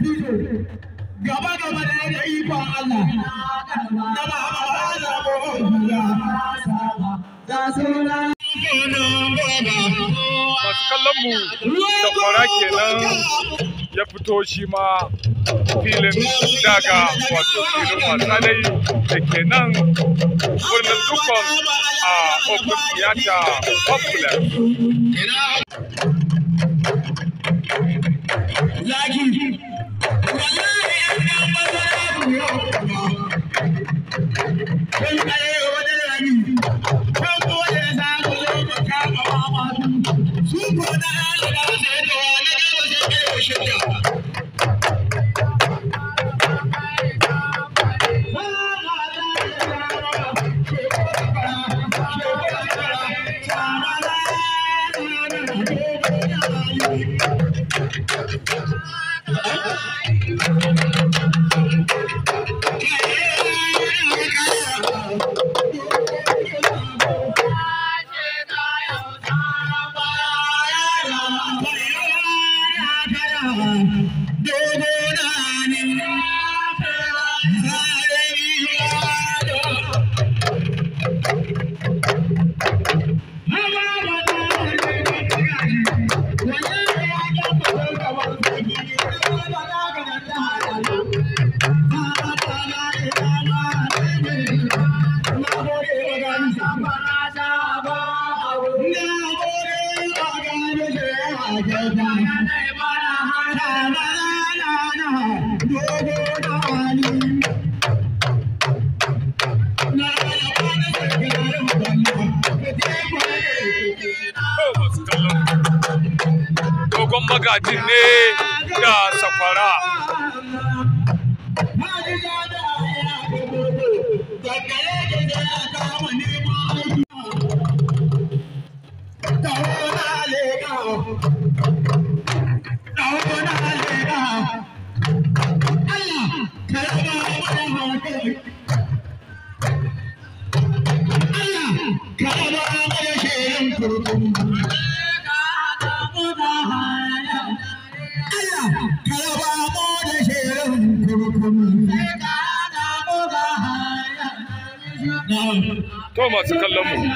dattijo gaba gaba da yadda ikon Allah na ma'amala ko ya masu kallon mu da kwara kenan ya fito shi ma filin daga wato filin wasa da ke nan birnin dukkan a open theater popular magajin ne da sakwara to masu kallon mu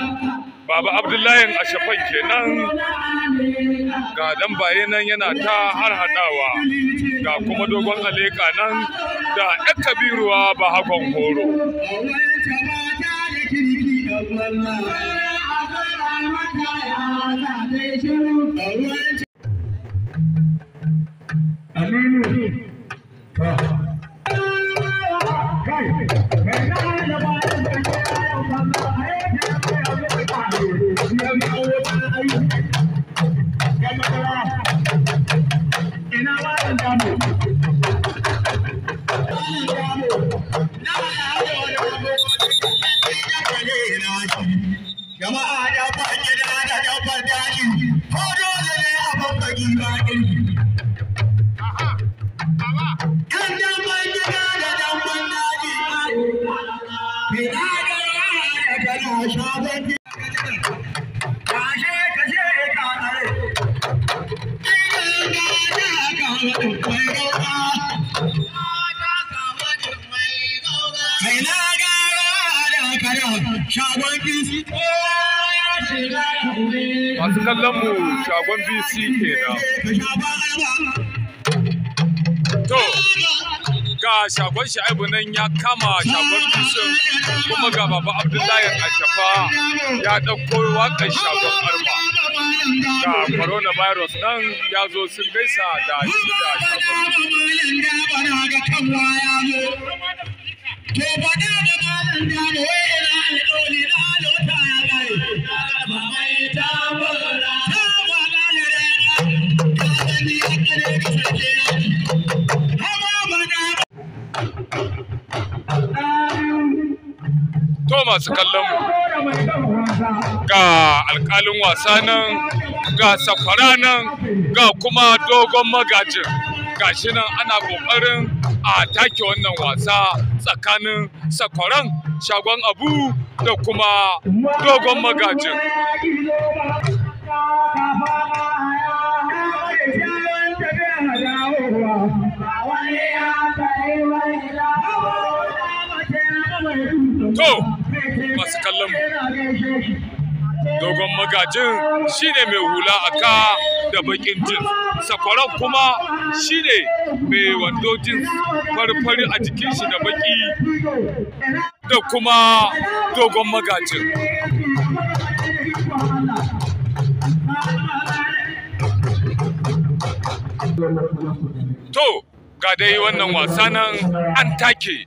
baba abdullahi shafan kenan ga dan baye nan yana ta har hadawa ga kuma dogon aleka nan da ya kabiruwa ba hakon horo Aminu, da na Shabbat kallonmu mu shagon BC kenan. To, ga shagon sha'ibu nan ya kama shagon BC kuma ga baba Abdullahi Ashafa ya ɗauko waƙar shagon arma. Ga coronavirus nan ya zo sun gaisa da shi da shagon masu kallon mu ga alkalin wasa nan ga sakwara nan ga kuma dogon magajin gashi nan ana kokarin a take wannan wasa tsakanin sakwaran shagon abu da kuma dogon magajin To, masu kallon dogon magajin shine mai hula a ka da bakin jin sakwaron kuma shine mai wando jin farfari a jikin shi da baki da kuma dogon magajin to ga dai wannan wasa nan an take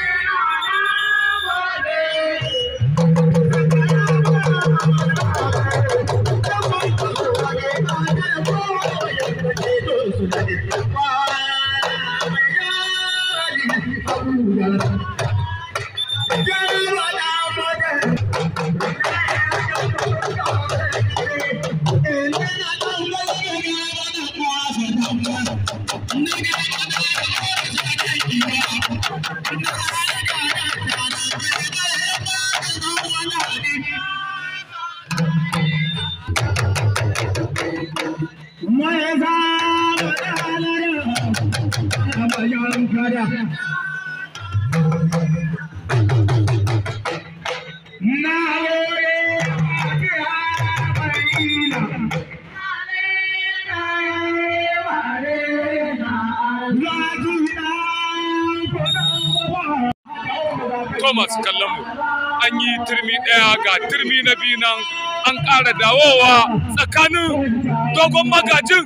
jawarin na Thomas kallon an yi turmi ɗaya ga turmi na biyu nan an ƙara dawowa tsakanin dogon magajin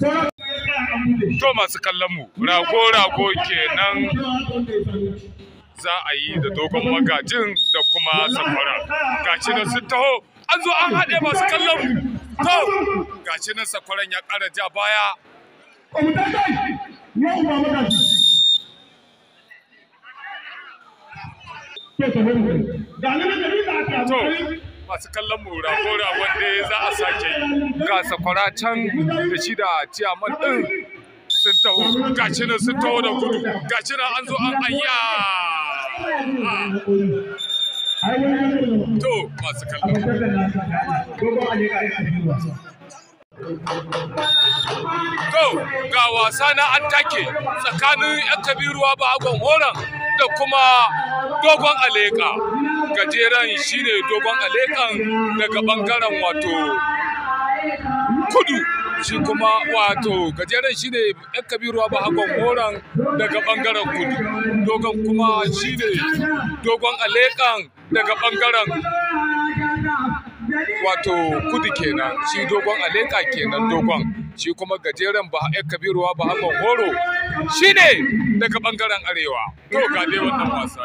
To masu kallon mu rago rago kenan za a yi da dogon magajin da kuma safara gashi da sun taho an zo an haɗe masu kallon mu to gashi nan safaran ya ƙara ja baya To masu kallon mu rago wanda da za a sake yi ga sakwara can da shi da ciyaman din sun taho gashi nan sun taho da gudu gashi nan an zo an ayya to masu kallon To ga wasa na an take tsakanin 'yan kabiruwa ba agon horon da kuma dogon aleka. gajeren shine dogon alekan daga bangaren wato kudu shi kuma wato gajeren shi ne yan kabiruwa ba hagon horon daga bangaren kudu dogon kuma shi ne dogon alekan daga bangaren wato kudu kenan shi dogon aleka kenan dogon shi kuma gajeren ba yan kabiruwa ba hagon horo shi ne daga bangaren arewa to ga dai wannan wasa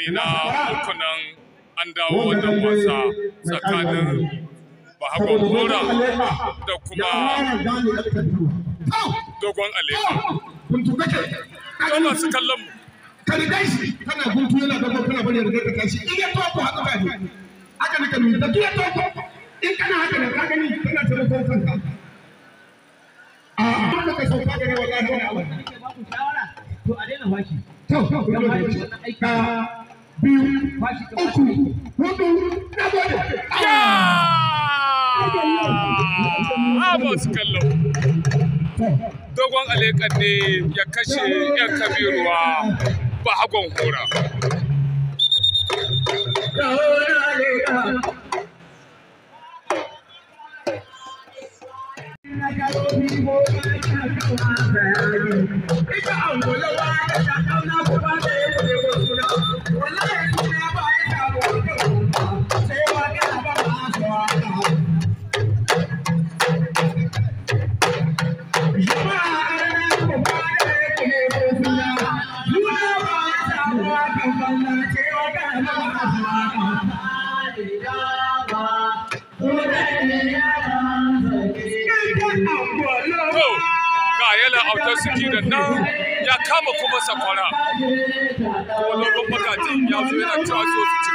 Amina, na rukunan an dawo wannan wasa tsakanin bahagon hora da kuma dogon alefa Kan masu kallon yana kana bari da in ya haka ne. Haka ne ka gani kana kanka. A ka wallahi abu. To a daina biyu uku kallo dogon alekan ne ya kashe yan kabiruwa ba hagon hora Ita an kama kuma sakwara kuma dogon bakatun ya zo yana cewa so su ci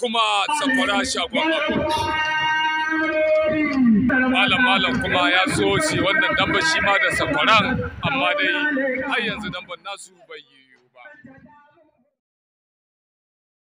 kuma tsakwara shagon abu malam malam kuma ya so shi wannan damban shi ma da tsakwaran amma dai har yanzu damban nasu bai yi